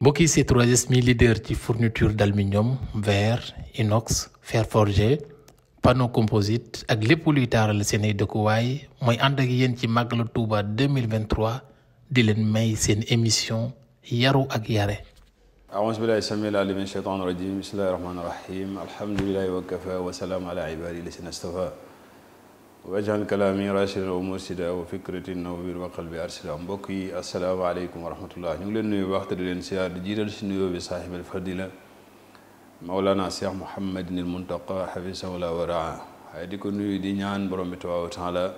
mbokki ci 3S mi leader ci fourniture d'aluminium verre inox fer forgé panneau composite ak lépp luy taaral seen ay dëkkuwaay mooy ànd ak yéen ci màggalu Touba 2023 di leen may seen émission yaru ak yare aouzu billahi samil alim min shaytan rajim bismillahi rahmani rahim alhamdulilahi wa kafa wa salaam ala ibadi lasina stafa wajal kalaami rashida wa mursida wa fikratin nawwir wa qalbi arsida mbokk yi asalaamaaleykum wa rahmatullah ñu ngi leen nuyu waxtu di leen siyaar di jiital si nuyoo bi saaxib al fadila maulana cheikh mouhamadin al muntaqa xafisahullah wa raa waaye di ko nuyu di ñaan borom bi tabaaraka wa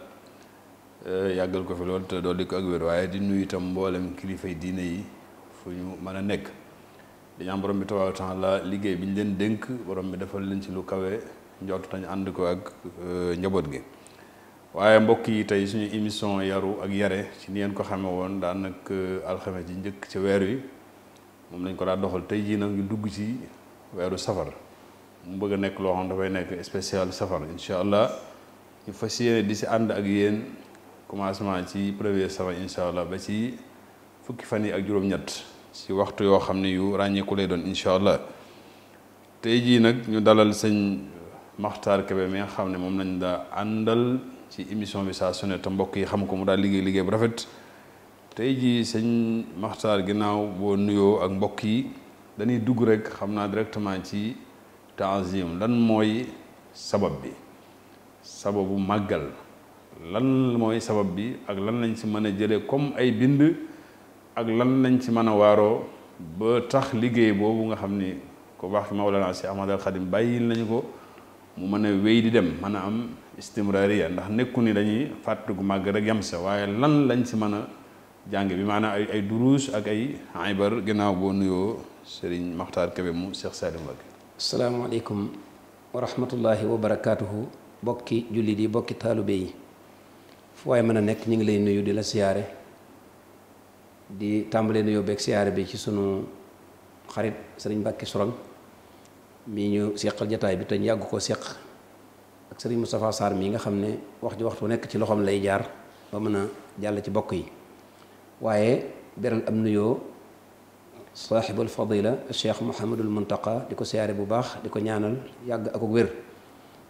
yàggal ko fi lool te dool di ko ak wér waaye di nuyu itam mboolem kilifay diine yi fu ñu mën a nekk di ñaan borom bi tabaaraka wa liggéey bi ñu leen dénk borom bi defal leen ci lu kawe njort tañ ànd ko ak njaboot gi waaye mbokk yi tey suñu émission yaru ak yare ci ni ngeen ko xame woon nag euh, alxames ji njëkk ci weer wi moom lañ ko daa doxal tey jii nag ñu dugg ci weeru safar bëgg a nekk loo xam dafay nekk spécial safar incha allah ñu fas yéene di si ànd ak yéen commencement ci premier safar incha allah ba ci fukki fan yi ak juróom si waxtu yoo xam ne yu ràññeeku lay doon incha allah tey jii nag ñu dalal sëñ Maxtaar Kebe mi nga xam ne moom lañ daa àndal. ci émission bi saa su te mbokk yi xam ko mu daal liggéey liggéey bu rafet tey jii sëñ Maxtaar ginnaaw boo nuyoo ak mbokk yi dañuy dugg rek xam naa directement ci tanzim lan mooy sabab bi sababu màggal lan mooy sabab bi ak lan lañ ci mën a jëlee comme ay bind ak lan lañ ci mën a waaroo ba tax liggéey boobu nga xam ni ko baax ki Mawlana si Ahmad al Xadim bàyyil nañu ko mu mën a wéy di dem mën a am istimraariya ndax nekku ni dañuy gu màgg rek yam sa waaye lan lañ si mën a jàng bi maanaam ay ay duruus ak ay ibar ginnaaw boo nuyoo Serigne Makhtar Kébé mu Cheikh Salim Mbacké asalaamaaleykum wa rahmatullahi wa barakaatuhu bokki jullit yi bokki taalibe yi fu waaye mën a nekk ñu ngi lay nuyu di la siyaare di tàmbalee nuyoo beeg siyaare bi ci sunu xarit sëriñ Mbacké Sourang mi ñu seqal jataay bi te ñu yàgg koo seq ak sëriñ Moustapha Sarr mii nga xam ne wax ji waxtu nekk ci loxoom lay jaar ba mën a jàll ci bokk yi waaye beral am nuyoo saaxibul fadila cheikh Mouhamadul Muntaqa di ko siyaare bu baax di ko ñaanal yàgg ak wér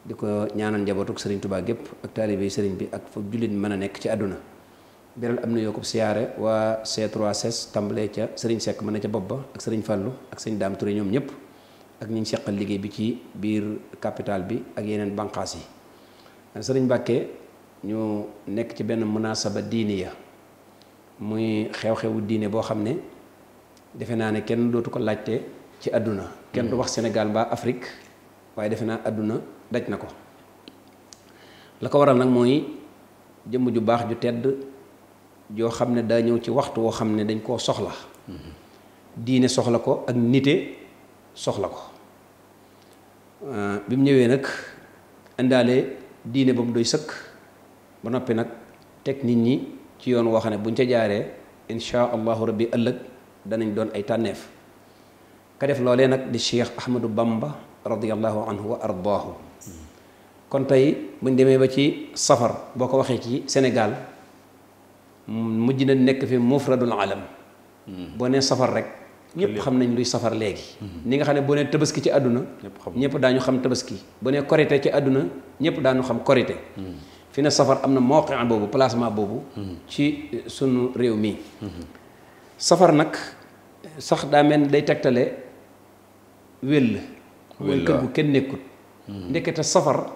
di ko ñaanal njabootuk sëriñ Tuubaa gépp ak taalibey sëriñ bi ak fa jullit mën a nekk ci àdduna beral am nuyoo ko siyaare waa C3S ca sëriñ sekk mën na ca bopp ba ak sëriñ Fàllu ak sëriñ Daam ñoom ñëpp ak ñi ñu seqal liggéey bi ci biir capital bi ak yeneen banqaas yi sëriñ Mbàkke ñu nekk ci benn munaasaba diiniya muy xew-xewu diine boo xam ne defe naa ne kenn dootu ko laajte ci àdduna kenn du mm. wax senegal ba Afrique waaye defe naa àdduna daj na ko la ko waral nag mooy jëmm ju baax ju tedd joo xam ne daa ñëw ci waxtu woo xam ne dañ koo soxla mm-hmm. diine soxla ko ak nite soxla ko euh, bi mu ñëwee nag indaale diine ba mu doy sëkk ba noppi nag teg nit ñi ci yoon woo xam ne buñ ca jaaree insha allahu rabbi ëllëg danañ doon ay tànneef ka def loolee nag di cheikh ahmadou bamba radiallahu anhu wa ardaahu kon tey buñ demee ba ci safar boo ko waxee ci sénégal mujj na nekk fi mufradul alam hmm. boo nee safar rek ñëpp xam nañ luy safar léegi ni mhm. nga xam ne boo nee tabaski ci àdduna ñëpp daañu xam tabaski bu nee korité ci àdduna ñëpp daañu xam korité mhm. fi ne safar am na mawqi boobu placement boobu mhm. ci eh, suñu réew mi safar nag sax daa mel day tegtale wéll mooy kër gu kenn nekkut ndekete safar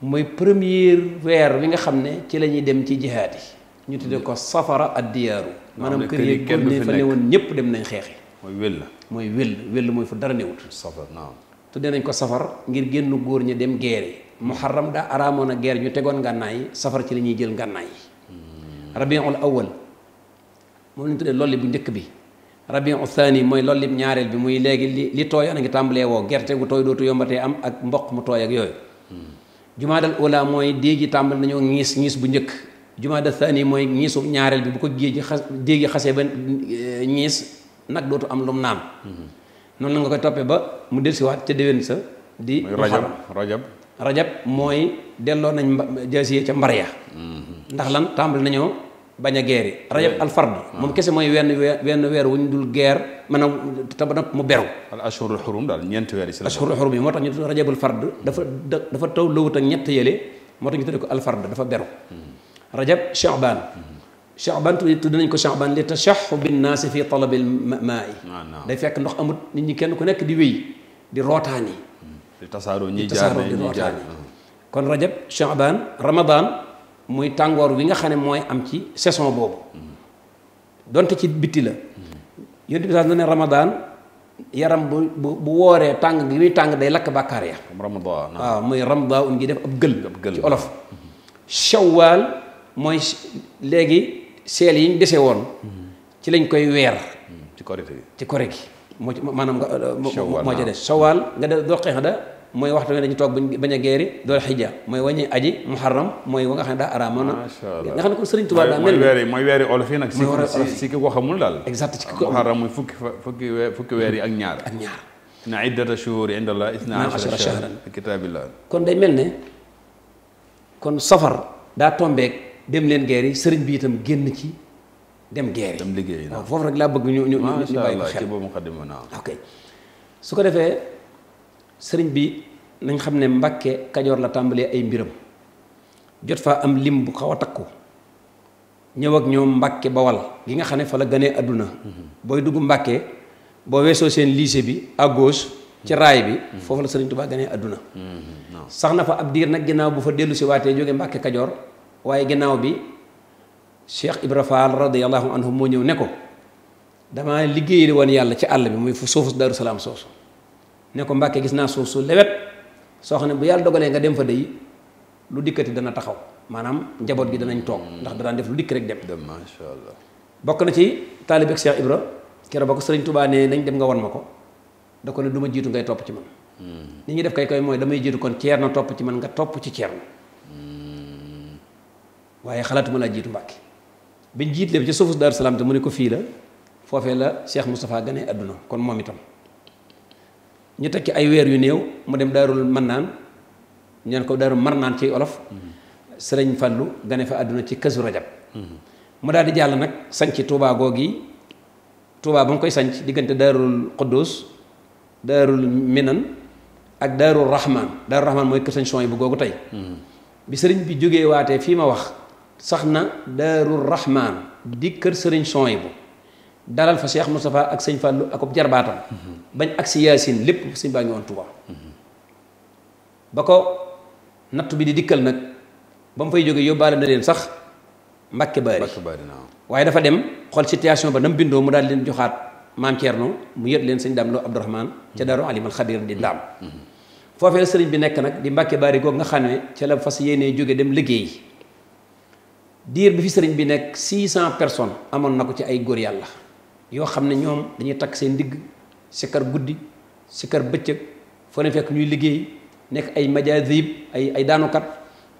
mooy premier weer wi nga xam ne ci la ñuy dem ci jihaad yi ñu tuddee ko safara ad diyaaru maanaam kër yi ne fa woon ñëpp dem nañ xeexi mooy wéll. mooy wéll wéll mooy fu dara newut. safar naam. tuddee nañ ko safar ngir génn góor ñi dem mu muharram daa araamoon a geer ñu tegoon ngànnaay safar ci la ñuy jël ngànnaay. Hmm. rabiul awal moom la ñu tuddee loolu bu njëkk bi. rabiu thani mooy loolu lim ñaareel bi muy léegi li li tooy a ngi tàmbalee woo gerte gu tooy dootu te am ak mboq mu tooy ak yooyu hmm. jumaadal ula mooy déegi tàmbal nañoo ñiis ñiis bu njëkk jumaadal thani mooy ñiisu ñaareel bi bu ko géej xas déegi xasee ba eh, ñiis nag dootu am lu mu naan. noonu la nga koy toppee ba mu dellusiwaat ca déwén sa. di rajab rajab rajab mooy delloo nañ mba jaasiye ca mbar ya mhm. ndax lan tàmbali nañoo bañ a geeri rajab alfard ah. moom kese mooy wenn wenn weer wu ñu dul geer maanaam te ba mu beru. al ashurul xurum daal ñeenti weer yi si la. ashurul xurum yi moo tax ñu tudd rajabul fard dafa dafa taw lowut ak ñett yële moo tax ñu tudd ko alfard dafa beru. Hmm. rajab Shaaban hmm. Chaban tudd nañ ko Chaban li tashaxu binnaasi fi talabil maa yi. Ah, day fekk ndox amut nit ñi kenn ku nekk di wéy di rootaan yi. Hmm. di tasaaroo ñiy jaar di rootaan yi kon rajab Chaban muy tàngoor wi nga xam ne mooy am ci saison boobu. Hmm. donte ci bitti la. yonent bi ne Ramadan yaram bu bu bu wooree tàng gi muy tàng day lakk bàkkaar ya. Ramadan waaw muy Ramadan un ngi def ab gël. ci olof. Shawwal mooy léegi. seel yi ñu dese woon ci lañ koy weer mm. ci korite gi ci kore gi moo maanaam euh, moo ci des sawaal nga de doo xeex da mooy waxtu dañu toog bañ a geeri dool xija mooy waññi aji muharram mooy wa nga xam ne daa araamoon na nga xam ne kon sëriñ mooy weeri olof yi nag si ki ko xamul daal exact ci ki ko muharram mooy fukki fukki fukki weer yi ak ñaar ak ñaar na iddata shuhuri inda allah na ashara shahran kitaabillah kon day mel ne kon safar daa tombeek dem leen guerre yi sëriñ bi itam génn ci dem guerre yi. dem waaw foofu rek laa bëgg ñu ñu ñu ñu bàyyi ko xel ok su ko defee sëriñ bi nañ xam ne Mbàkke Kajoor la tàmbalee ay mbiram jot faa am lim bu xaw a takku ñëw ak ñoom Mbàkke Bawal gi nga xam ne fa la gënee àdduna mm-hmm. booy dugg Mbàkke boo weesoo seen lycée bi à gauche ci raay bi mm-hmm. foofu la sëriñ Tuubaa gënee àdduna mm-hmm. sax na fa ab diir nag ginnaaw bu fa dellu si waatee jóge Mbàkke Kajoor waaye ginnaaw bi Cheikh Ibra Fall radiyallahu anhu moo ñëw ne ko damaa liggéeyal woon yàlla ci àll bi muy fu suufu Daaru Salaam soosu ne ko Mbàkke gis naa suuf su lewet soo xam ne bu yàlla dogalee nga dem fa dey lu dikkati dana taxaw maanaam njaboot gi danañ toog ndax danaan def lu dikk rek dem. allah bokk na ci taalibeeg Cheikh Ibra keroog ba ko Sëriñ Tuubaa ne nañ dem nga won ma ko da ko ne du ma jiitu ngay topp ci man. Hmm. ni ñuy def kay koy mooy damay jiitu kon ceer na topp ci man nga topp ci ceer na waaye xalaatuma laa jiitu Mbàkke biñ jiitlee bi ci suufu Daaru Salaam te mu ne ko fii la foofee la Cheikh Moustapha gane àdduna kon moom itam ñu tekki ay weer yu néew mu dem Daarul Mannaan ñeen ko Daarul Marnaan ci olof Sëriñ Fallu gane fa àdduna ci Kazu Rajab mu daal di jàll nag sanc Tuubaa googi Tuubaa ba mu koy sanc diggante Daarul Quddus Daarul Minan ak Daarul Rahmaan Daarul Rahmaan mooy kër Sëriñ Suwaybu bu googu tey hmm. bi sëriñ bi jógee waatee fii ma sax na daaru rahmaan di kër sëriñ sony bu dalal fa Cheikh Moustapha ak sëñ Fallou ak ab mhm. bañ ak si yaasin lépp sëñ baa ngi woon mhm. ba ko natt bi di dikkal nag ba mu fay jógee yóbbaale na leen sax Mbàkke Baari waaye dafa dem xool situation ba nam bindoo mu daal leen joxaat maam Thierno mu yët leen sëñ Daam Lo Abdourahmane ca daaru alimal xabir di daam mhm. foofee sëriñ bi nekk nag di Mbàkke Baari googu nga xam ne ca la fas yéenee jóge dem liggéey diir bi fi sëriñ bi nekk 600 personnes amoon na ko ci ay góor yàlla yoo xam ne ñoom dañuy takk seen ndigg sikkar guddi sikkar bëccëg foo ne fekk ñuy liggéey nekk ay majaazib ay ay daanukat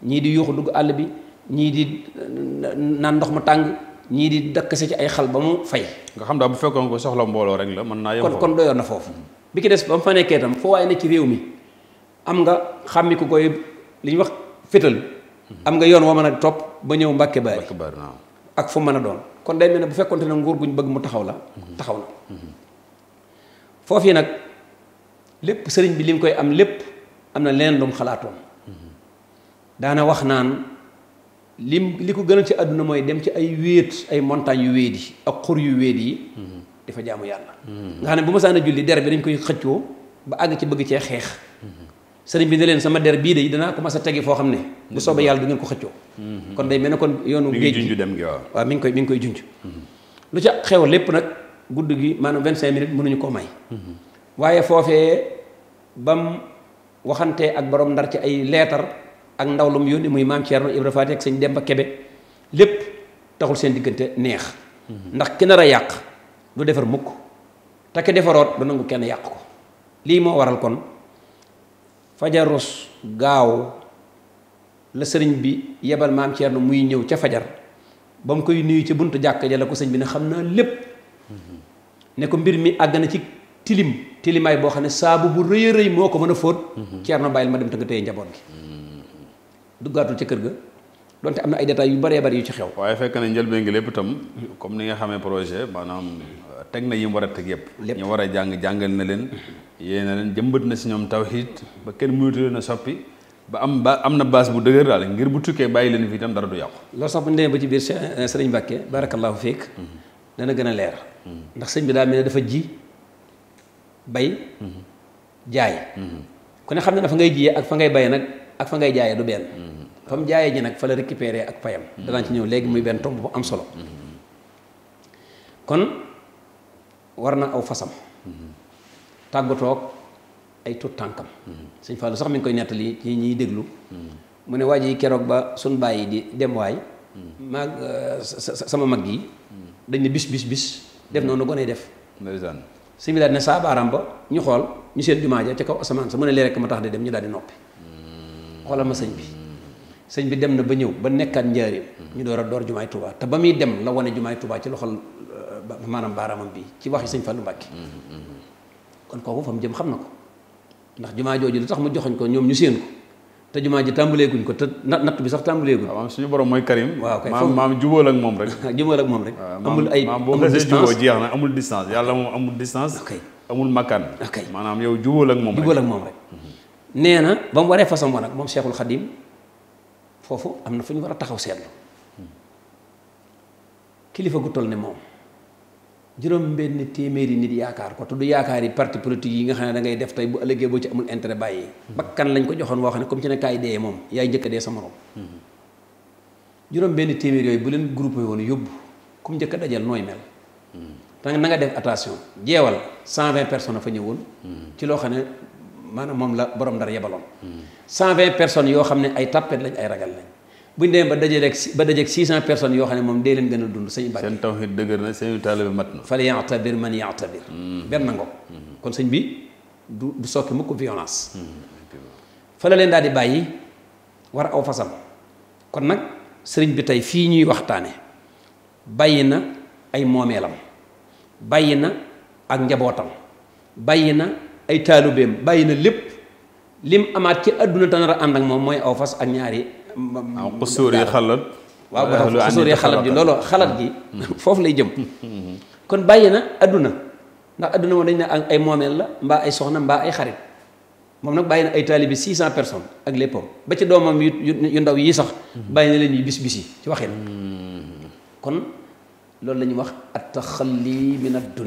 ñii di yuuxu dugg àll bi ñii di naan ndox mu tàng ñii di dakk sa ci ay xal ba mu fay. nga xam daal bu fekkoon ko soxla mbooloo rek la mën naa yem kon doyoon na foofu. bi ki des ba mu fa nekkee itam foo waaye ne ci réew mi am nga xàmmi ko koy li ñuy wax fétal. am nga yoon wa mën a topp ba ñëw Mbàkke Baari ak fu mën a doon kon day mel ne bu fekkonte ne nguur ñu bëgg mu taxaw la mhm. taxaw na mhm. yi nag lépp sëriñ bi li mu koy am lépp am na leneen lum mu xalaatoon mhm. daana wax naan lim li ko gënal ci àdduna mooy dem ci ay wéet ay montagnes yu wéet ak xur yu wéet yi dafa jaamu yàlla nga xam ne bu ma saan a julli der bi dañ koy xëccoo ba àgg ci bëgg cee xeex sëriñ bi ne leen sama der bii de danaa ko mas a tegi foo xam ne bu soobee yàlla du ngeen ko xëccoo mhm. kon day mel ne kon yoonu géej gi dem gi waaw mi ngi koy mi ngi koy junj mhm. lu ca xew lépp nag gudd gi maanaam vingt cinq minutes mënuñu koo may mhm. waaye foofee bam waxantee ak borom ndar ci ay leetar ak ndaw lu mu yónni muy maam Thierno Ibra Faty ak sëñ Demba Kebe lépp taxul seen diggante neex ndax ki nar a yàq du defar mukk te ki defaroot du nangu kenn yàq ko lii moo waral kon fajarus gaaw la sëriñ bi yebal maam Thierno muy ñëw ca fajar ba mu koy nuyu ca bunt jàkk ja ko sëñ bi ne xam naa lépp ne ko mbir mi àgg na ci tilim tilimaay boo xam ne saabu bu rëy rëy moo ko mën a fóot Thierno bàyyil ma dem te nga téye njaboot gi duggaatul ca kër ga donte am na ay yu baree bëri yu ci xew waaye fekk na njëlbéen gi lépp tam comme ni nga xamee projet maanaam teg na yi mu war a teg yëpp ñi war a jàng jàngal na leen yéen leen jëmbat na si ñoom tawxiid ba kenn mënatu leen a soppi ba am ba am na baas bu dëgër daal ngir bu tukkee bàyyi leen fii itam dara du yàqu. loolu sax bu ñu demee ba ci biir sëriñ euh, Mbàkke barakallahu fiik mhm. dana gën a leer. Mhm. ndax sëñ bi daal mel dafa ji bay. Mhm. jaay. ku ne xam ne dafa ngay jiyee ak fa ngay bayee nag ak fa ngay jaayee du benn. fa jaaye jaayee ji nag fa la récupéré ak payam. danaa ci ñëw léegi muy benn tomb bu am solo. kon war na aw fasam. tàggatoog ay tut tànkam sëñ Fallou sax mi ngi koy nettali ci ñiy déglu mu ne waa ji keroog ba suñ bàyyi di dem waay maag sama mag yi dañ ne bis bis bis def noonu gone def sëñ bi daal ne saa baaraam ba ñu xool ñu seen jumaa ja ca kaw asamaan sa mu ne lee rek ma tax di dem ñu daal di noppi xoolal ma sëñ bi sëñ bi dem na ba ñëw ba nekkaat njaarim ñu door a door jumaay Tuubaa te ba muy dem la wane jumaay Tuubaa ci loxol maanaam baaraamam bii ci wax sëñ Fallou Mbacke kon kooku fa mu jëm xam na ko ndax jumaa jooju lu tax mu joxoñ ko ñoom ñu séen ko te jumaa ji tàmbaleeguñ ko te natt bi sax tàmbaleeguñ waaw suñu borom mooy Karim waaw kay maam maam jubóol ak moom rek ah, jubóol ak moom rek amul ay amul distance jeex na amul distance yàlla moom amul distance amul makkaan kay maanaam yow jubóol ak moom jubóol ak moom rek nee na ba mu waree façon woon ak moom Cheikhul Khadim foofu am na fu ñu war a taxaw seetlu kilifa gu toll ne moom juróom benn téeméeri nit yaakaar ko te du yaakaar yi parti politique yi nga xam ne dangay ngay def tey bu ëllëgee boo ci amul intérêt bàyyi. Mhm. bakkan lañ ko joxoon woo xam ne comme ci ne kaay dee moom yaay njëkk dee sa morom. Mhm. juróom benn téeméer yooyu bu leen groupé woon yóbbu comme njëkk a dajal nooy mel. da mhm. na nga def attention jeewal cent vingt personnes fa ñëwoon. ci loo xam ne maanaam moom la borom ndar yebaloon. cent vingt personnes yoo xam ne ay tàppet lañ ay ragal lañ. bu ñu demee ba dajeeg ba dajeeg 600 personnes yoo xam ne moom dee leen gën a dund sëñ Mbàkke seen tawhid dëgër na seen taalibe mat na fal yaatabir man yaatabir mm-hmm. benn ngo mm-hmm. kon sëñ bi du du sokki mukk violence mm-hmm. fa la leen daal di bàyyi war aw fasam kon nag sëriñ bi tey fii ñuy waxtaane bàyyi na ay moomeelam bàyyi na ak njabootam bàyyi na ay taalubeem bàyyi na lépp lim amaat ci àdduna tanara ànd ak moom mooy aw fas ak ñaari Ah, waaw xusuur yi xalat waaw ba tax xusuur yi foofu lay jëm mm-hmm. kon bàyyi na adduna ndax adduna moom dañ ne ay moomeel la mbaa ay soxna mbaa ay xarit moom nag bàyyi na ay taalibi 600 personnes ak léppam ba ci doomam yu ndaw yi sax mm-hmm. bàyyi na leen bis bis yi ci waxin mm-hmm. kon loolu la wax at taxalli min ad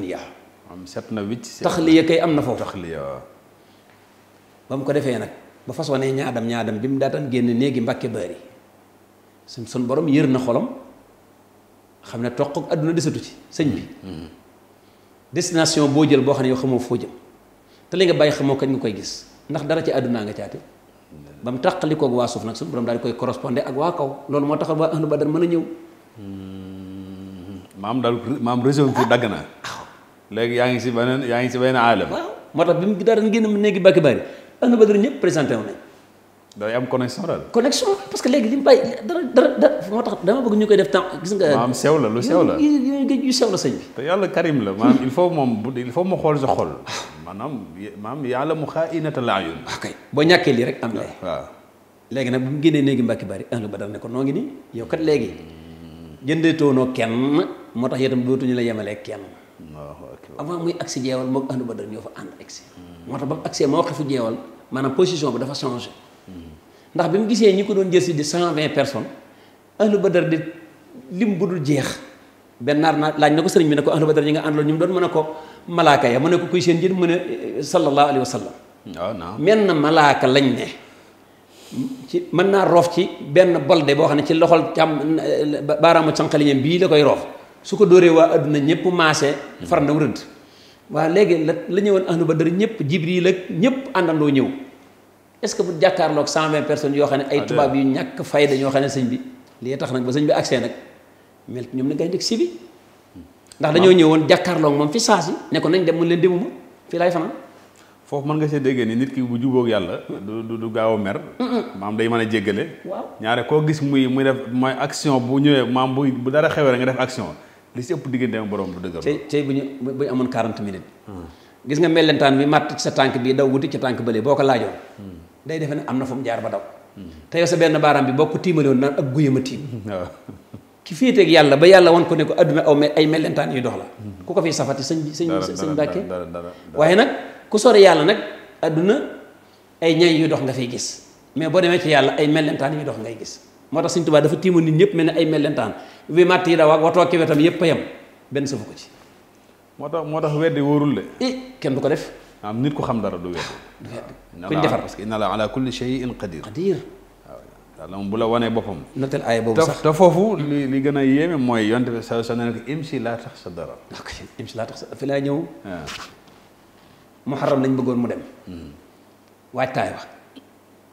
na wicc taxliya kay am na foofu taxliya ba mu ko defee nag ba façonee ñaadam ñaadam bi mu daataan génn néegi mbàkke baari suñ sun borom yër na xolam xam ne toq ak àdduna desatu ci sëñ bi destination boo jël boo xam ne yow xamoo foo jëm te li nga bàyyi xamoo kañ nga koy gis ndax dara ci àddunaa nga caate ba mu tàqali koog waa suuf nag suñu borom daal di koy correspondé ak waa kaw loolu moo taxal waa ahlu badar mën a ñëw hmm. maam daal maam réseau bi dagg na léegi yaa ngi si beneen yaa ngi si beneen aalam waaw moo tax bi mu daataan génn néegi Alioune Badara ñëpp présenté wu nañ. day am connexion daal. connexion parce que léegi li mu bàyyi dara la lu sew la yu yu yu sew bu il faut mu xool sa xol. maanaam ah, ne ko noo ngi nii yow kat léegi jëndeetoo noo kenn moo tax itam dootuñu la yemalee kenn. waaw avant muy agsi jeewal moog Alioune Badara ñoo fa ànd agsi. moo tax ba mu agsee moo xifu jeewal maanaam position bi dafa changé ndax bi mu gisee ñi ko doon jël si di cent vingt personnes ahlu badar di lim bu dul jeex benn naar naa laaj na ko sëriñ bi ne ko ahlu badar ñi nga àndaloon ñu mu doon mën a ko malaaka ya mu ne ko kuy seen njën mu ne eh, sallallahu alayhi wa sallam ah, menn malaaka lañ ne ci mën naa roof ci benn bolde boo xam ne ci loxol càmm eh, baaraamu sànqaliñam bii la koy roof su ko dóoree waa adduna ñëpp maase far na wërënt waaw léegi la la ñëwoon ahlu badar ñëpp jibril ak ñëpp àndandoo ñëw est-ce que bu jàkkaarloog cent vingt personnes yoo xam ne ay ah, tubaab yu ñàkk fayda ñoo xam ne sëñ bi lii tax nag ba sëñ bi agsee nag mel ñoom na ngay dëkk si bi ndax dañoo ñëwoon jàkkaarloog moom fi saasi ne ko nañ dem mu leen demuma fii laay fanaan foofu mën nga see déggee ni nit ki bu jubóog yàlla du du gaaw a mer maam day mën a jéggale waaw ñaare koo gis muy mu def mooy action bu ñëwee maam bu bu dara xewee nga def action li si ëpp diggante ak borom bu dëgër. tey tey bu ñu bu ñu amoon 40 minutes. gis nga mellentaan bi màtt ci sa tànk bii daw wuti ci tànk bële boo ko laajoon. day defe ne am na fu mu jaar ba daw. te yow sa benn baaraam bi boo ko tiimale woon naan ak guyam a tiim. ki fii teg yàlla ba yàlla wan ko ne ko adduna aw me ay mellentaan yuy dox la. ku ko fiy safati sëñ bi sëñ sëñ Mbàkke waaye nag ku sore yàlla nag adduna ay ñay yu dox nga fiy gis mais boo demee ci yàlla ay mellentaan yu dox ngay gis moo tax sëñ Tuubaa dafa tiima nit ñëpp mel ne ay mellentaan wi matt yi daw ak watoo ki wetam yëpp a yem benn safu ko ci. moo tax moo tax weddi wóorul de. i kenn du ko def. am nit ku xam dara du weddi. Ah, kuñ defar parce que inna la ala bu la wanee boppam. notel aaya boobu foofu li gën a yéeme mooy yonte bi sa sa laa tax sa dara. ok ah, imsi laa tax sa fi laa ñëw. Ah. muharram nañ bëggoon mu dem. Hmm. waajtaay wax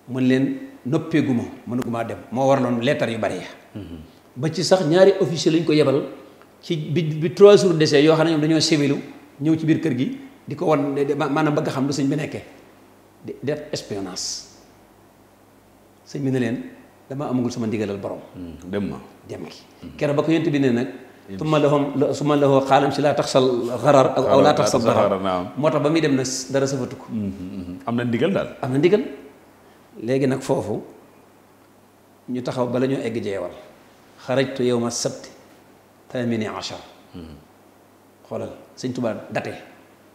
mën leen noppeeguma mënuguma dem moo waraloon leetar yu bari ya hmm. ba ci sax ñaari officier lañ ko yebal ci bi bi trois jour desee yoo xam ne ñoom dañoo séwilu ñëw ci biir kër gi di ko wan maanaam bëgg xam lu sañ bi nekkee di def espionnage sëñ bi ne leen dama amagul sama ndigalal borom. Hmm, dem ma dem ki hmm. keroog ba ko yent bi ne nag. summa lahum summa lahu xaalam si laa tax taxsal xarar aw laa taxsal darar moo tax ba muy dem nag dara safatu ko hmm, am na ndigal daal am na ndigal léegi nag foofu ñu taxaw bala ñoo egg jeewal xarajtu yowma sabti thamini achar xoolal sëñ Tuubaa date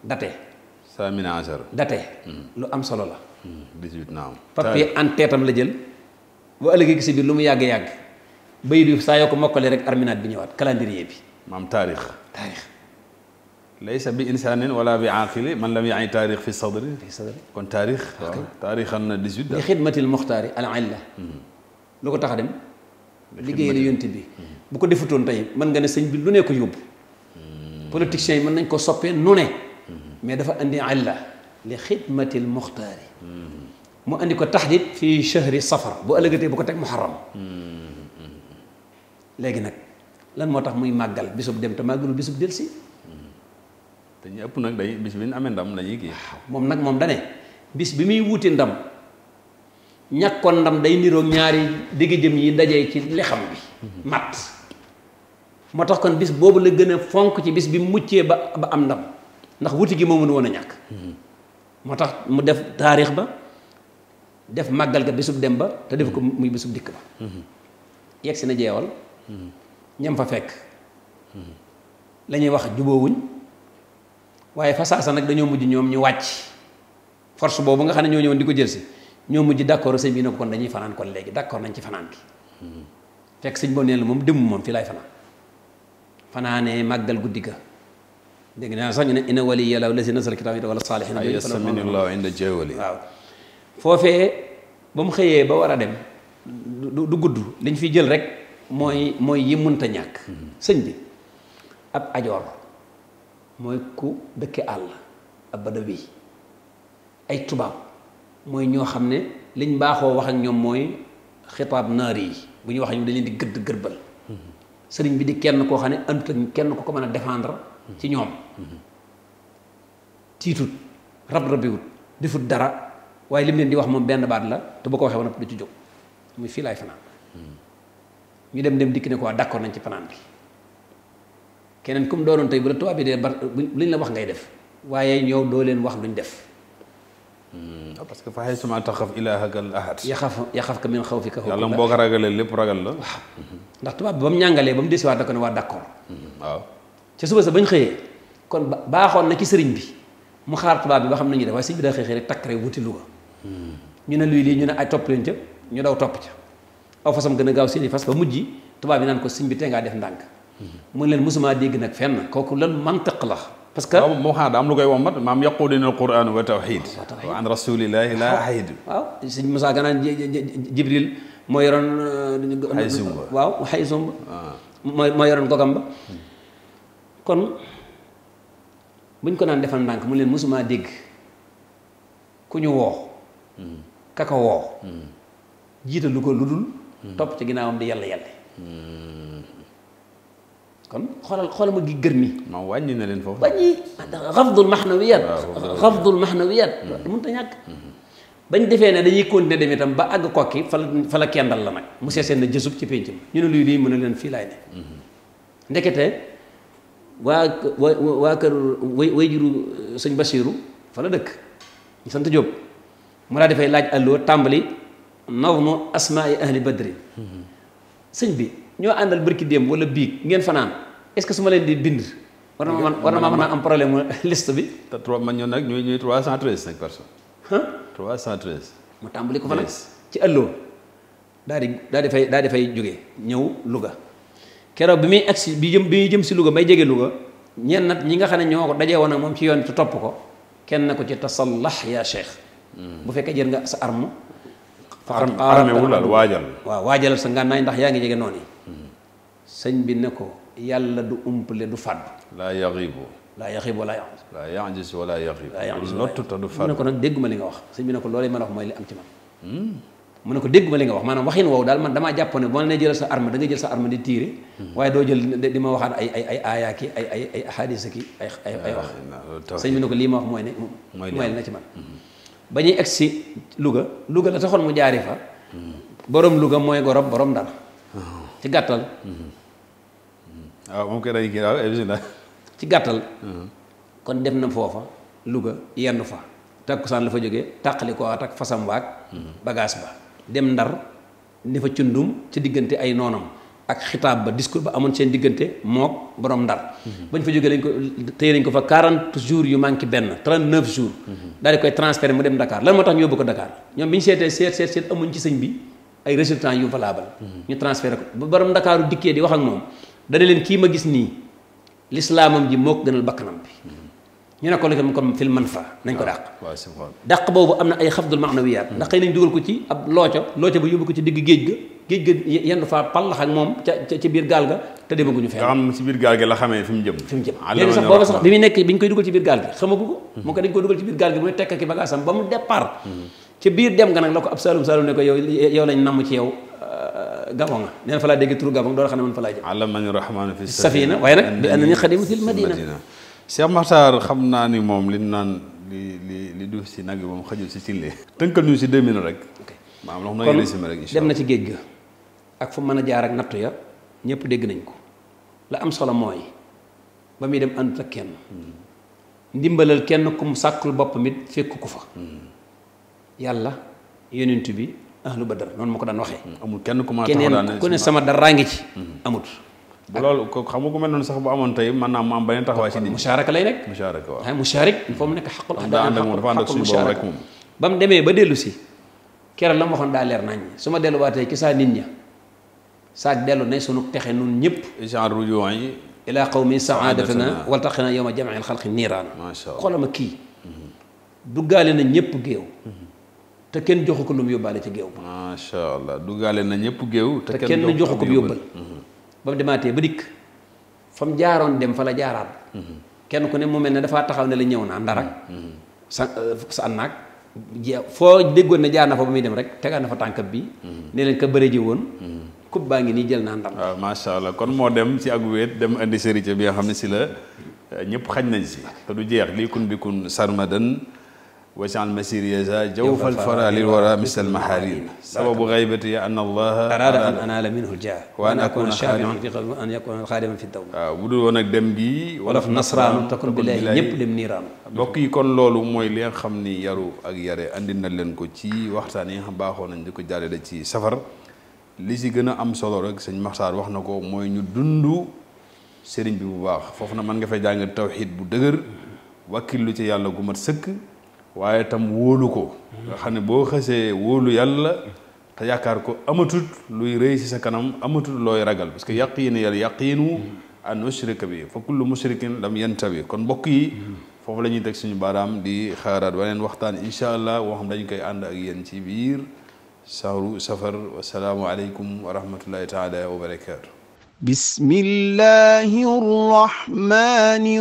date thamini achar date hmm. lu am solo la hmm, dix-huit naam la jël bu ëllëgee gis bi lu mu yàgg-yàgg bayit bi saa yoo ko mokkale rek arminaat bi ñëwaat calendrier bi maam taarix taarix laysa bi insaanin wala bi aaqili man lam yaani taarix fi sadri kon taarix waaw na dix li xidmatil muxtaari al hmm. lu ko tax dem liggéey la yonent bi mm-hmm. bu ko defutoon tey mën nga ne sëñ bi lu ne ko yóbbu mm-hmm. politiciens yi mën nañ koo soppee nu ne mm-hmm. mais dafa indi àlla li xidmatil muxtaari mu andi ko taxdid fii chahri safar bu ëllëgatee bu ko teg muharram léegi nag lan moo tax muy màggal bisub dem te màggalul bisub delsi te ñu ëpp nag day bis bi ñu amee ndam la ñuy kii moom nag moom dane bis bi muy wuti ndam ñàkkoon ndam day niroog ñaari digg jëm yi dajee ci lexam bi mat moo tax kon bis boobu la gën a fonk ci bis bi mu muccee ba ba am ndam ndax wuti gi moo mën woon a ñàkk moo tax mu def taarix ba def màggal ga bisub dem ba te def ko muy bisub dikk ba yegg na jeewal ñam fa fekk lañuy wax juboo wuñ waaye fa saasa nag dañoo mujj ñoom ñu wàcc force boobu nga xam ne ñoo ñëwoon di ko jël si ñoo mujj d' accord sëñ bi ne ko kon dañuy fanaan kon léegi d' accord nañ ci fanaan gi fekk sëñ boo neen la moom démb moom fii laay fanaan fanaanee màggal guddi ga dégg naa sax ñu ne inna wali yàlla lasi nasal kitaab wala saalihin ayasaminillahu inda jawali waaw foofee ba mu xëyee ba war a dem du gudd liñ fi jël rek mooy mooy yi munta ñàkk sëñ bi ab ajoor mooy ku dëkke àll ab badawi ay tubaab mooy ñoo xam ne liñ baaxoo wax ak ñoom mooy xitaab naar yi bu ñu wax ñu dañ leen di gëdd gërbal sëriñ bi di kenn koo xam ne andut ak kenn ku ko mën a défendre ci ñoom tiitut rab-rabiwut defut dara waaye li leen di wax moom benn baat la te bu ko waxee woon du ci jóg muy fii laay fanaan ñu dem dem dikk ne ko d'accord nañ ci fanaan bi keneen comme doonoon tey bu la tubaab bi dee bar luñ la wax ngay def waaye ñëw doo leen wax luñ def Hmm. parce que fa haysuma taxaf ilaahaka al ahad yaxaf yaxafka min xawfika yàlla boo ko ragalee lépp ragal la ndax tubaab bi ba mu ñàngalee ba mu desiwaat da ko ne waa d'accord hmm, waaw ca suba sa bañ xëyee kon ba baaxoon na ci sëriñ bi mu xaar tubaab bi ba xam nañu def waaye sëriñ bi daa xëy xëy rek takk rek wuti Louga hmm. ñu ne luy lii ñu ne ay topp leen ca ñu daw topp ca aw fasam gën a gaaw seeni fas ba mujj tubaab yi naan ko sëriñ bi tee ngaa def ndànk mu ne leen mosumaa dégg nag fenn kooku lan mantëq la parce que moom xanaa daa am lu koy wommat maam yaqu dina alquran wa wa an waaw sëñ Moussa ganaan Jibril moo yoroon xay sumba uh, moo moo gogam ba kon buñ ko naan defal ndànk mu leen mosumaa dégg ku ñu woo kaka woo hmm. hmm. jiitalu ko lu dul topp ci ginnaawam di yàlla yàlla kon xoolal xoolal ma gi gër mi moom wàññi na leen foofu wàññi xafdul maxnawiyat xafdul ah, maxnawiyat mënu mm-hmm. ta ñàkk bañ defee ne dañuy continuer dem itam ba àgg kokki fa fa la kendal la nag monsieur seen na jësub ci pénc ñu ne luy luy mën a leen fii laay ne mm-hmm. ndekete waa wa waa kër way way juru sëñ Basiiru fa la dëkk ñu sant Jóob mu laa defee laaj àlloo tàmbali naw nu asmaa ahli badri mm-hmm. sëñ bi ñoo àndal bërki démb wala biig ngeen fanaan est-ce que su ma leen di bind war na ma war na maa mën a am problème mu liste bi te man ñoo nag ñuy ñuy trois cent treize nag personne ah mu tàmbali ko fa nag ci ëlloo daal di daal di fay daal di fay jógee ñëw Louga keroog bi muy agsi bi jëm bi muy jëm si Louga may jege Louga ñenn nag ñi nga xam ne ñoo ko dajee woon ak moom ci yoon ci topp ko kenn na ko ci tasallax yaa cheikh hmm. bu fekkee jël nga sa arme fa arme wu la waajal waaw waajalal sa ngànnaay ndax yaa ngi jege noonu yi sëñ bi ne ko yàlla du umpale du fàddu laa yaxibu laa yaxibu wala yax laa yajis wala yaxibu laa yajis lottu te du fàddu mu ne ko nag dégg ma li nga wax sëñ bi ne ko loolu ma la wax mooy li am ci man hmm. mu ne ko dégg ma li nga wax maanaam waxin woowu daal man damaa jàpp ne boo nee jëlal sa arme da nga jël sa arme di tiire hmm. waaye doo jël di ma waxaat ay ay ay aayaa ki ay ay ay xaadisa ki ay ay ay wax sëñ bi ne ko lii ma wax mooy ne mooy li na ci man hmm. ba ñuy egsi Louga Louga la taxoon mu jaari fa borom Louga mooy gorob borom Ndar ci gàttal. waaw ah, moom kay day kii waaw ci gàttal. kon dem na foofa Louga yenn fa takkusaan la fa jóge tàqali ko at ak fasam waag bagage ba dem ndar ne fa cundum ci diggante ay noonam ak xitaab ba discours ba amoon seen diggante mook borom ndar bañ fa jógee lañ ko téye nañ ko fa 40 jours yu manqué benn 39 jours mhm. daal di koy transféré mu dem Dakar lan moo tax ñu yóbbu ko Dakar ñoom bi ñu seetee seet seet seet amuñ ci señ bi ay résultats yu valable. ñu transféré ko ba borom ndakaaru dikkee di wax ak moom dana leen kii ma gis nii lislaamam ji moo ko gënal bakkanam bi. ñu ne ko léegi kon fil man fa nañ ko dàq. Ah, dàq boobu na ay xafdul maanawiyaat ndax xëy nañ dugal ko ci ab looco looco ba yóbbu ko ci digg géej ga géej ga yenn fa moom ca ci biir gaal ga te demaguñu fenn. nga xam ci biir gaal gi la xamee mu jëm. fi mu dugal ci biir gaal gi xamagu ko. tekk ki bagaasam ba mu départ. Mm-hmm. ci biir dem nga nag la ko ab saalum saalum ne ko yow yow lañ namm ci yow euh, gabon nga neen fa laa dégg turu gabon doora xam ne man fa laa jëm allamani rahmaanu fi safina waaye nag bi anna ni xadimatil xam naa ni moom li naan li du si nag yi moom xajul si sillee tënkal ñu si rek maam lox na si rek dem na ci géej ga ak fu mën a jaar ak nattu ya ñëpp dégg nañ ko la am solo mooy ba muy dem ànd ak kenn hmm. ndimbalal kenn ku mu sàkkul boppam it fekk ko fa hmm. yàlla yonent bi ahlu badar noonu ma ko daan waxee. Hmm. amul kenn ku ma keneen ku ne sama daraa ngi ci. Hmm. amut. bu loolu xam nga ko mel noonu sax bu amoon tey man naa mu am beneen taxawaay si nit ñi. musharaka lay ba ah, mu demee ba dellu si keroog la ma waxoon daa leer nañ su ma delluwaatee ci saa nit ña saa dellu ne sunu texe nun ñëpp. genre rujuwaan yi. ilaa qawmi saadatana waltaqina yawma jam'il xalqi niiraan. macha allah xoolal ma kii. Hmm. duggaale na ñëpp géew te kenn joxu ko lu mu yóbbaale ci géew ba. macha allah duggaale na ñëpp géew. te kenn joxu ko mu yóbbal mhm. ba mu demaatee ba dikk fa mu jaaroon dem fa la jaaraat. Mhm. kenn ku ne mu mel ne dafaa taxaw ne la ñëw naa ndara mhm. sa euh, sa annaak foo déggoon ne jaar na fa ba muy dem rek tegaat na fa tànkab bi. ne leen ko bëre woon. coupe baa ngi nii jël naa ndam. waaw macha allah kon moo dem ci ak wéet dem indi sëriñ bi nga xam ne si la ñëpp xaj nañ si. te du jeex lii kun bi kun wajal masiriyasa jawfal fara lil wara misal maharin sababu xaybati ya an allaha arada an anala minhu lja wa an akuna xaadiman fi an yakuna xaadiman fi dawla waaw bu dul woon ak dem gi walaf nasraanu takun billahi ñëpp lim niiraanu mbokk yi kon loolu mooy li xam ni yaru ak yare andi na leen ko ci waxtaan yi nga xam baaxoo nañ di ko jàllale ci safar li si gën a am solo rek sëñ Maxtaar wax na ko mooy ñu dund sëriñ bi bu baax foofu na mën nga fay jàng tawxiid bu dëgër wàkkil lu ci yàlla gu mat sëkk waaye tam wóolu ko nga xam ne boo xasee wóolu yàlla te yaakaar ko amatut luy rëy si sa kanam amatut looy ragal parce que yaqiin yàlla yaqiinu an ushrika bi fa kullu mushrikin lam yantabi kon mbokk yi foofu la ñuy teg suñu baaraam di xaaraat waxtaan incha allah woo xam dañu koy ànd ak yéen ci biir saru safar wasalaamualeykum wa rahmatullahi taala wa barakaatu bismillahi rahmani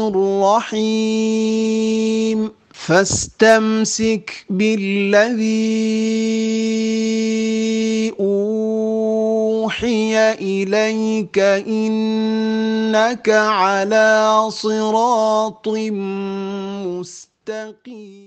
rahim فاستمسك بالذي اوحي اليك انك على صراط مستقيم